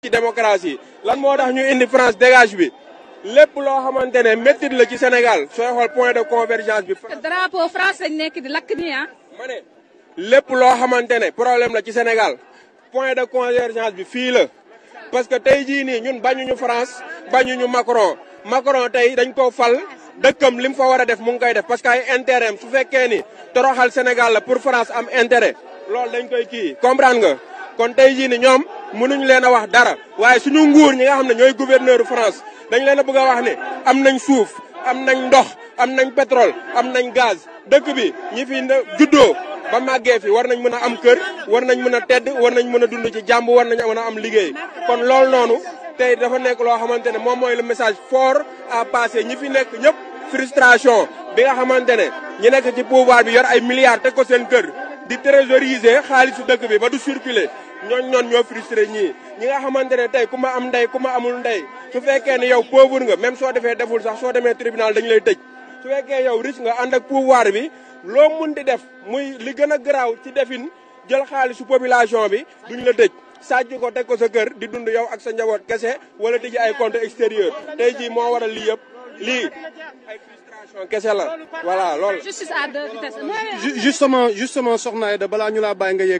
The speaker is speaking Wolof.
ci démocratie lan moo tax ñu indi France dégage bi lépp loo xamante ne méttit la ci Sénégal sooy xool point de convergence bi. drapeau France lañ ah. lépp loo xamante ne problème la ci Sénégal point de convergence bi fii la parce que te jii nii ñun bañuñu France ñu Macron Macron tey dañ ko fal. dëkkam li mu fa war a def mu ngi koy def parce que ay intérêt su fekkee ni toroxal Sénégal la pour France am intérêt loolu dañ koy kii comprendre nga kon tey jii ñoom mënuñ leen a wax dara waaye suñu nguur ñi nga xam ne ñooy gouverneur France dañ leen a bëgg a wax ne am nañ suuf am nañ ndox am nañ pétrole am nañ gaz dëkk bi ñi fi juddoo ba màggee fi war nañ mën a am kër war nañ mën a tedd war nañ mën a dund ci jàmm war nañ mën a am liggéey kon loolu noonu tey dafa nekk loo xamante ne moom mooy le message foor à passer ñi fi nekk ñëpp frustration bi nga xamante ne ñi nekk ci pouvoir bi yor ay milliards te ko seen kër di xaalis su dëkk bi ba du circuler ñooñ noonu ñoo frustré ñii ñi nga xamante ne tey ku ma am ndey ku ma amul ndey su fekkee ne yow pauvre nga même soo defee deful sax soo demee tribunal dañu lay tëj su fekkee yow riche nga ànd ak pouvoir bi loo mun di def muy li gën a garaaw ci defin jël su population bi duñ la tëj sàcc ko teg ko sa kër di dund yow ak sa njaboot kese wala tëj ay compte extérieur tey jii moo waral lii yëpp ay frustration voilà à deux justement justement soxna de bala ñu